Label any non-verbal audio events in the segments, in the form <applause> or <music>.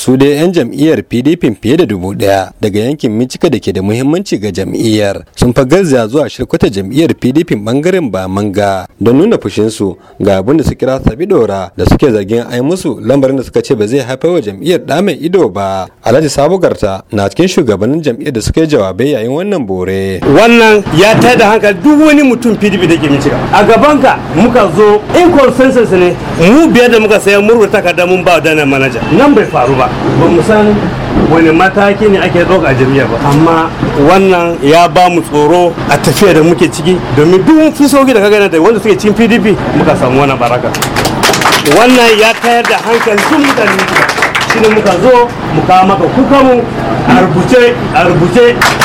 su dai 'yan jam'iyyar pdp fiye da dubu daya daga yankin mincika da ke da muhimmanci ga jam'iyyar sun fa garzaya zuwa shirkwata jam'iyyar pdp bangaren ba manga don nuna fushinsu ga abin da su kira sabi dora da suke zargin ai musu lambarin da suka ce ba zai haifar wa jam'iyyar da mai ido ba alhaji sabugarta na cikin shugabannin jam'iyyar da suka yi jawabai yayin wannan bore wannan ya tada hankali duk wani mutum pdp da ke mincika a gabanka muka zo in consensus ne mu biyar da muka sayan murwata takarda mun ba da manaja nan bai faru ba ba mu san wani mataki ne ake ɗauka jami'a ba amma wannan ya ba mu tsoro a tafiya da muke ciki domin duk fisogi da gana da wanda suke cin pdp muka samu wannan baraka wannan ya tayar da hankali sun mutane ne muka zo muka maka kuka mu a rubuce a rubuce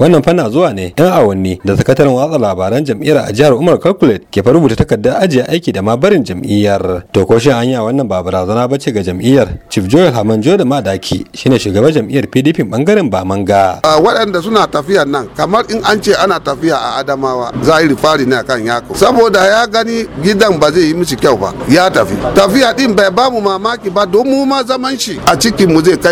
wannan fana zuwa ne ɗan awanni da sakataren watsa labaran jam'iyyar a jihar umar calculate ke rubuta takardar ajiye aiki da ma barin jam'iyyar to ko shi anya wannan ba barazana ce ga jam'iyyar chief joel hamanjo da madaki shine shugaban jam'iyyar pdp bangaren bamanga waɗanda suna tafiya nan kamar in an ce ana tafiya a adamawa zahiri fari ne akan yako saboda ya gani gidan ba zai yi mishi kyau ba ya tafi tafiya din bai ba mu mamaki ba don mu ma zaman shi a cikin mu zai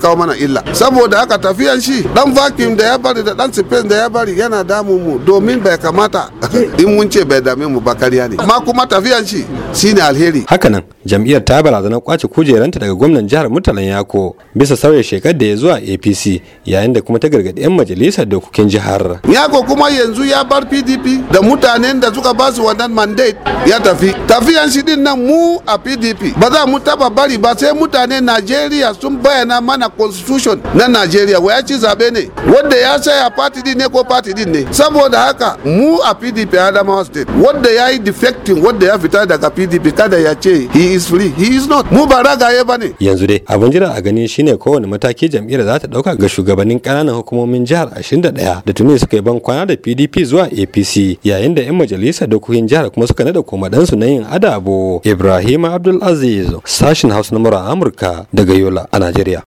kawo mana illa saboda haka tafiyan shi dan vacuum da ya bari da dan spain da ya bari yana damu mu domin bai kamata <laughs> in mun ce bai dame mu ba kariya ne amma kuma tafiyan shi shine alheri hakanan jam'iyyar ta barazana kwace kujeranta daga gwamnan jihar Murtala yako bisa sauya shekar da ya zuwa apc yayin da kuma ta gargadi 'yan majalisar dokokin jihar yako kuma yanzu ya bar pdp da mutanen da suka ba su wannan mandate ya tafi tafiyan shi din nan mu a pdp ba za mu taba bari ba sai mutanen najeriya sun bayyana mana constitution na najeriya waya ci zabe ne wanda ya tsaya party din ne ko party din ne saboda haka mu a pdp adamawa state wanda ya yi defecting wanda ya fita daga pdp kada ya ce he is free he is not mu ba ragaye ba ne yanzu dai abin jira a gani shine kowane mataki jam'iyyar za ta dauka ga shugabannin kananan hukumomin jihar 21 da tuni suka yi ban kwana da pdp zuwa apc yayin da yan majalisar dokokin jihar kuma suka nada komadansu na yin adabo ibrahim abdulaziz sashin hausa na amurka daga yola a najeriya